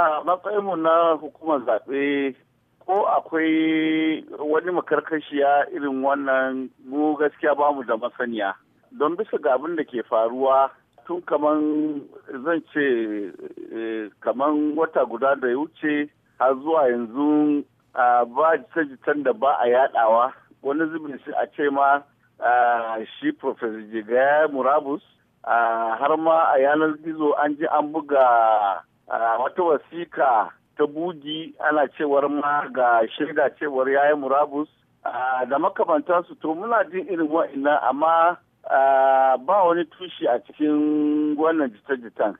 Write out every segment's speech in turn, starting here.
a matsayinmu na hukumar zaɓe ko akwai wani makarkashiya irin wannan mu gaskiya ba mu da masaniya don bisa ga abin da ke faruwa tun kaman zan ce eh, kaman wata guda da ya wuce har zuwa yanzu ba jita-jitan da ba a yadawa wani zubin shi a ce ma shi professor jigaya murabus har ma a yanar gizo an ji an buga wata wasika ta bugi ana cewar ma ga shaida cewar yayi murabus da makamantansu to muna jin irin wa'ina amma ba wani tushe a cikin wannan jita-jitan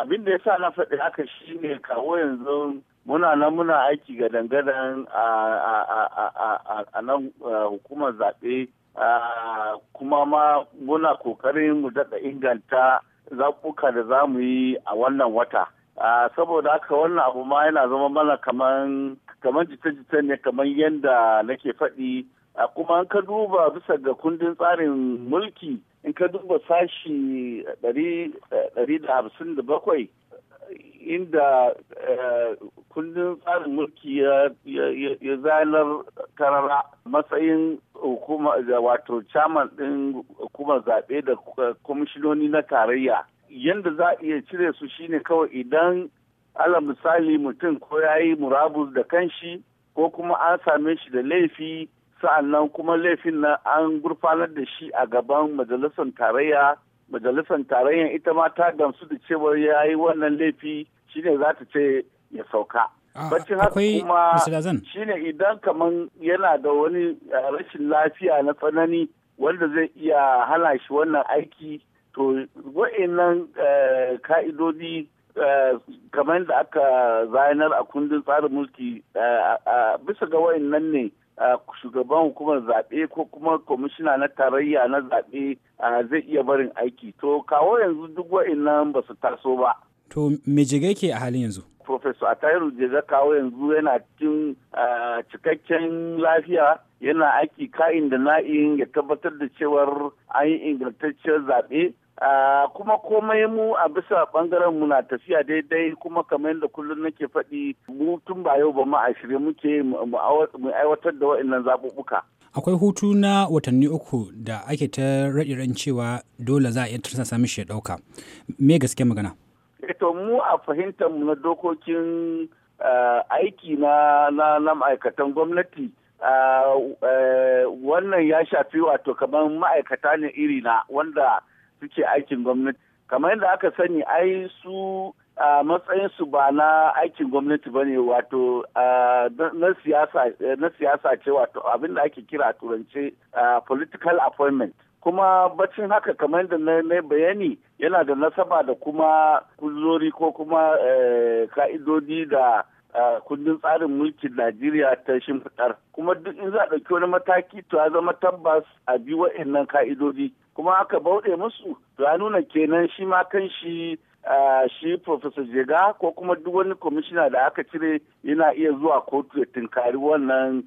abin da ya sa na faɗi haka shine kawo yanzu muna nan muna aiki ga dangadan a nan hukumar zaɓe kuma ma muna ƙoƙarin mu daɗa inganta zaɓuka da za mu yi a wannan wata saboda haka wannan abu ma yana zama mana kaman jita-jita ne kaman yadda nake faɗi kuma an ka duba bisa ga kundin tsarin mulki in ka duba sashi 157 inda e, kundin tsarin mulki ya zanar karara matsayin hukuma wato chairman din hukumar zaɓe da e, kwamishinoni na tarayya yadda za a iya cire su shine kawai idan ala misali mutum ko ya yi murabus da kanshi ko kuma an same shi da laifi sa'annan kuma laifin nan an gurfanar da shi a gaban majalisar tarayya majalisar tarayya ita ma ta gamsu da cewar ya yi wannan laifi shine za ta ce ya sauka ah, bacin haka kuma shine idan kaman yana da wani eh, rashin lafiya na tsanani wanda zai iya hana shi wannan aiki to wa'annan eh, ka'idodi eh, kamar da aka zayanar a kundin tsarin mulki eh, bisa ga wa'annan ne shugaban hukumar zaɓe ko kuma kwamishina na tarayya na zaɓe zai iya barin aiki to kawo yanzu duk wa'annan ba su taso ba to mejege ke a halin yanzu Professor Atayiru Jega kawo yanzu yana cikin cikakken lafiya yana aiki ka'in da na'in ya tabbatar da cewar an yi ingantacciyar zaɓe kuma komai mu a bisa bangaren mu na tafiya daidai kuma kamar yadda kullum nake faɗi mu tun ba yau ba mu a muke mu aiwatar da wa'annan zaɓuɓɓuka. akwai hutu na watanni uku da ake ta raɗiran cewa dole za a iya tursasa mishi ya ɗauka me gaske magana eh to mu a fahimtar mu na dokokin aiki na na ma'aikatan gwamnati eh, wannan ya shafi wato kamar ma'aikata ne iri na wanda suke aikin gwamnati kamar yadda aka sani ai su a matsayin su ba na aikin gwamnati ba ne wato na siyasa ce wato abin da ake kira turance political appointment kuma bacin haka kamar yadda na bayani yana da nasaba da kuma kuzori ko kuma eh, ka'idodi da a kundin tsarin mulkin Najeriya ta shimfiɗar. Kuma duk in za a ɗauki wani mataki to ya zama tabbas a bi wa'annan ka'idodi. Kuma aka bauɗe musu to ya nuna kenan shi ma kan shi shi Profesa Jega ko kuma duk wani kwamishina da aka cire yana iya zuwa kotu ya tunkari wannan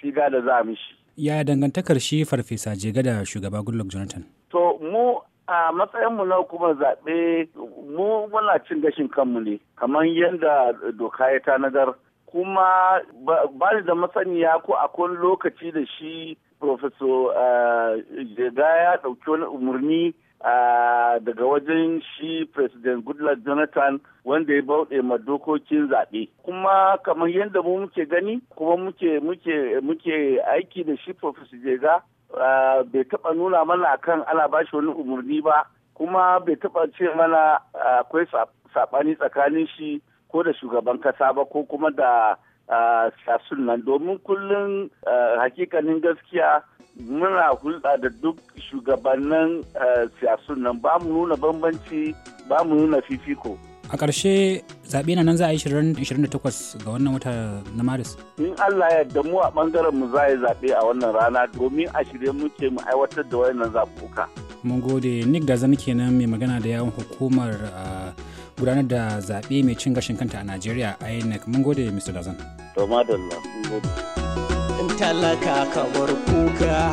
siga da za mishi. Yaya dangantakar shi Farfesa Jega da shugaba Goodluck Jonathan? To mu a matsayinmu na hukumar zaɓe mu muna cin gashin kanmu ne kamar yadda doka ya tanadar kuma ba ni da masaniya ko a lokaci da shi professor eh, jega ya ɗauki wani umarni eh, daga wajen shi president goodluck jonathan wanda ya bauɗe ma dokokin zaɓe kuma kamar yadda mu muke gani kuma muke aiki da shi professor jega Ah, bai taɓa nuna mana kan ana ba shi wani umarni ba kuma bai taɓa ce mana ah, akwai saɓani tsakanin shi ko da shugaban kasa ba ko kuma da ah, shasun nan domin kullum hakikanin gaskiya muna hulɗa da duk shugabannin siyasun nan ba mu nuna bambanci ba mu nuna fifiko. a ƙarshe zaɓe na nan za a yi 28 ga wannan wata na maris in allah ya yarda mu a ɓangaren mu za a yi zaɓe a wannan rana domin a shirye muke mu aiwatar da wannan zaɓuɓɓuka mun gode nick gazan kenan mai magana da yawon hukumar ah, gudanar da zaɓe mai cin gashin kanta a najeriya inec mun gode mr gazan to madalla mun gode in talaka kuka